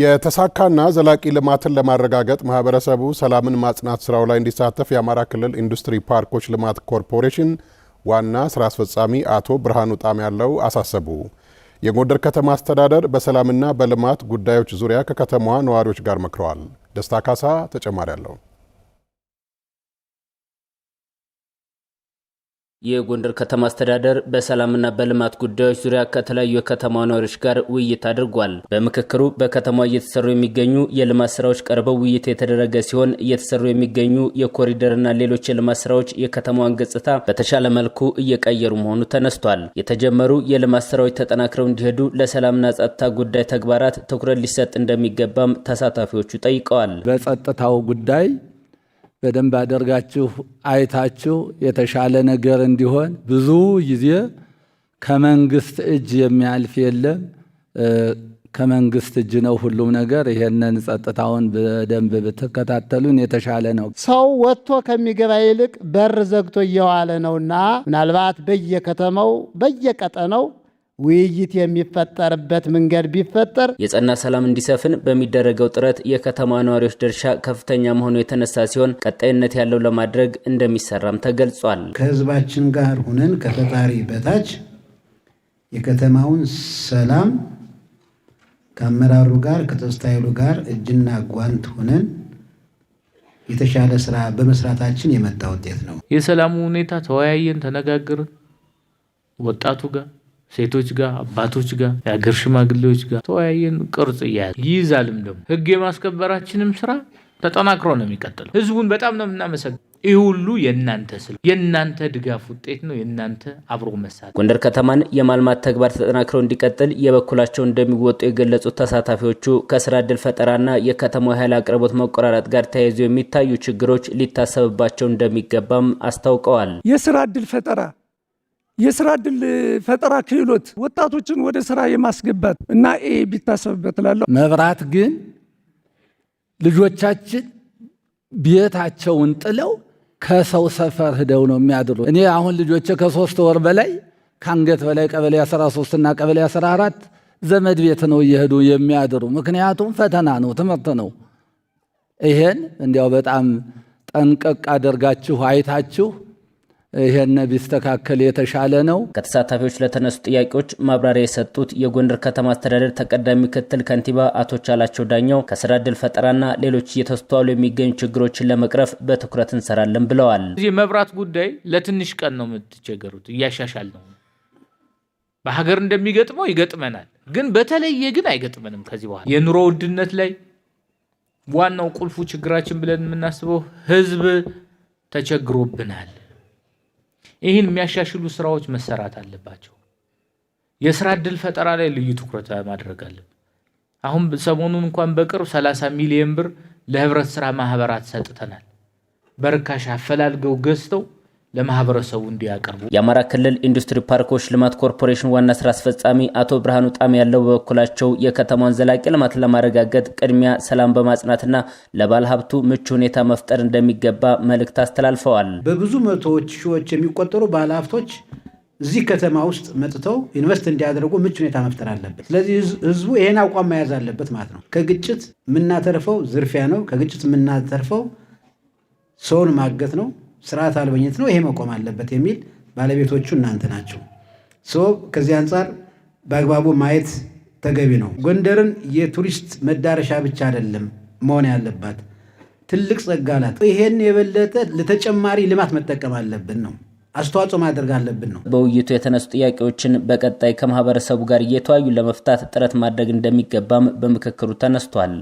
የተሳካና ዘላቂ ልማትን ለማረጋገጥ ማህበረሰቡ ሰላምን ማጽናት ስራው ላይ እንዲሳተፍ የአማራ ክልል ኢንዱስትሪ ፓርኮች ልማት ኮርፖሬሽን ዋና ስራ አስፈጻሚ አቶ ብርሃኑ ጣም ያለው አሳሰቡ። የጎንደር ከተማ አስተዳደር በሰላምና በልማት ጉዳዮች ዙሪያ ከከተማዋ ነዋሪዎች ጋር መክረዋል። ደስታ ካሳ ተጨማሪ አለው። የጎንደር ከተማ አስተዳደር በሰላምና በልማት ጉዳዮች ዙሪያ ከተለያዩ የከተማ ነዋሪዎች ጋር ውይይት አድርጓል። በምክክሩ በከተማዋ እየተሰሩ የሚገኙ የልማት ስራዎች ቀርበው ውይይት የተደረገ ሲሆን እየተሰሩ የሚገኙ የኮሪደርና ሌሎች የልማት ስራዎች የከተማዋን ገጽታ በተሻለ መልኩ እየቀየሩ መሆኑ ተነስቷል። የተጀመሩ የልማት ስራዎች ተጠናክረው እንዲሄዱ ለሰላምና ጸጥታ ጉዳይ ተግባራት ትኩረት ሊሰጥ እንደሚገባም ተሳታፊዎቹ ጠይቀዋል። በጸጥታው ጉዳይ በደንብ አደርጋችሁ አይታችሁ የተሻለ ነገር እንዲሆን ብዙ ጊዜ ከመንግስት እጅ የሚያልፍ የለም። ከመንግስት እጅ ነው ሁሉም ነገር። ይሄንን ጸጥታውን በደንብ ብትከታተሉን የተሻለ ነው። ሰው ወጥቶ ከሚገባ ይልቅ በር ዘግቶ እየዋለ ነውና ምናልባት በየከተማው በየቀጠነው ውይይት የሚፈጠርበት መንገድ ቢፈጠር የጸና ሰላም እንዲሰፍን በሚደረገው ጥረት የከተማ ነዋሪዎች ድርሻ ከፍተኛ መሆኑ የተነሳ ሲሆን ቀጣይነት ያለው ለማድረግ እንደሚሰራም ተገልጿል። ከህዝባችን ጋር ሁነን ከፈጣሪ በታች የከተማውን ሰላም ከአመራሩ ጋር ከተስታይሉ ጋር እጅና ጓንት ሁነን የተሻለ ስራ በመስራታችን የመጣ ውጤት ነው። የሰላሙ ሁኔታ ተወያየን፣ ተነጋግርን ወጣቱ ጋር ሴቶች ጋር አባቶች ጋር የአገር ሽማግሌዎች ጋር ተወያየን። ቅርጽ እያያዝ ይይዛልም ደግሞ ህግ የማስከበራችንም ስራ ተጠናክሮ ነው የሚቀጥለው። ህዝቡን በጣም ነው የምናመሰግነው። ይህ ሁሉ የእናንተ ስለ የእናንተ ድጋፍ ውጤት ነው። የእናንተ አብሮ መሳት ጎንደር ከተማን የማልማት ተግባር ተጠናክሮ እንዲቀጥል የበኩላቸው እንደሚወጡ የገለጹት ተሳታፊዎቹ ከስራ እድል ፈጠራና የከተማው ኃይል አቅርቦት መቆራረጥ ጋር ተያይዞ የሚታዩ ችግሮች ሊታሰብባቸው እንደሚገባም አስታውቀዋል። የስራ ዕድል ፈጠራ የስራ እድል ፈጠራ ክህሎት ወጣቶችን ወደ ስራ የማስገባት እና ኤ ቢታሰብበት እላለሁ። መብራት ግን ልጆቻችን ቤታቸውን ጥለው ከሰው ሰፈር ሂደው ነው የሚያድሩ። እኔ አሁን ልጆቼ ከሶስት ወር በላይ ከአንገት በላይ ቀበሌ 13 እና ቀበሌ 14 ዘመድ ቤት ነው እየሄዱ የሚያድሩ። ምክንያቱም ፈተና ነው፣ ትምህርት ነው። ይሄን እንዲያው በጣም ጠንቀቅ አደርጋችሁ አይታችሁ ይሄን ቢስተካከል የተሻለ ነው። ከተሳታፊዎች ለተነሱ ጥያቄዎች ማብራሪያ የሰጡት የጎንደር ከተማ አስተዳደር ተቀዳሚ ምክትል ከንቲባ አቶ ቻላቸው ዳኛው ከስራ እድል ፈጠራና ሌሎች እየተስተዋሉ የሚገኙ ችግሮችን ለመቅረፍ በትኩረት እንሰራለን ብለዋል። የመብራት ጉዳይ ለትንሽ ቀን ነው የምትቸገሩት፣ እያሻሻል ነው በሀገር እንደሚገጥመው ይገጥመናል፣ ግን በተለየ ግን አይገጥመንም። ከዚህ በኋላ የኑሮ ውድነት ላይ ዋናው ቁልፉ ችግራችን ብለን የምናስበው ህዝብ ተቸግሮብናል። ይህን የሚያሻሽሉ ስራዎች መሰራት አለባቸው። የስራ እድል ፈጠራ ላይ ልዩ ትኩረት ማድረግ አለብን። አሁን ሰሞኑን እንኳን በቅርብ 30 ሚሊዮን ብር ለህብረት ስራ ማህበራት ሰጥተናል። በርካሽ አፈላልገው ገዝተው ለማህበረሰቡ እንዲያቀርቡ የአማራ ክልል ኢንዱስትሪ ፓርኮች ልማት ኮርፖሬሽን ዋና ስራ አስፈጻሚ አቶ ብርሃኑ ጣም ያለው በበኩላቸው የከተማን ዘላቂ ልማት ለማረጋገጥ ቅድሚያ ሰላም በማጽናትና ለባለ ሀብቱ ምቹ ሁኔታ መፍጠር እንደሚገባ መልእክት አስተላልፈዋል። በብዙ መቶዎች ሺዎች የሚቆጠሩ ባለ ሀብቶች እዚህ ከተማ ውስጥ መጥተው ኢንቨስት እንዲያደርጉ ምቹ ሁኔታ መፍጠር አለበት። ስለዚህ ህዝቡ ይሄን አቋም መያዝ አለበት ማለት ነው። ከግጭት የምናተርፈው ዝርፊያ ነው። ከግጭት የምናተርፈው ሰውን ማገት ነው። ስርዓት አልበኝነት ነው፣ ይሄ መቆም አለበት የሚል ባለቤቶቹ እናንተ ናቸው። ከዚህ አንጻር በአግባቡ ማየት ተገቢ ነው። ጎንደርን የቱሪስት መዳረሻ ብቻ አይደለም መሆን ያለባት ትልቅ ጸጋ ናት። ይሄን የበለጠ ለተጨማሪ ልማት መጠቀም አለብን ነው አስተዋጽኦ ማድረግ አለብን ነው። በውይይቱ የተነሱ ጥያቄዎችን በቀጣይ ከማህበረሰቡ ጋር እየተዋዩ ለመፍታት ጥረት ማድረግ እንደሚገባም በምክክሩ ተነስቷል።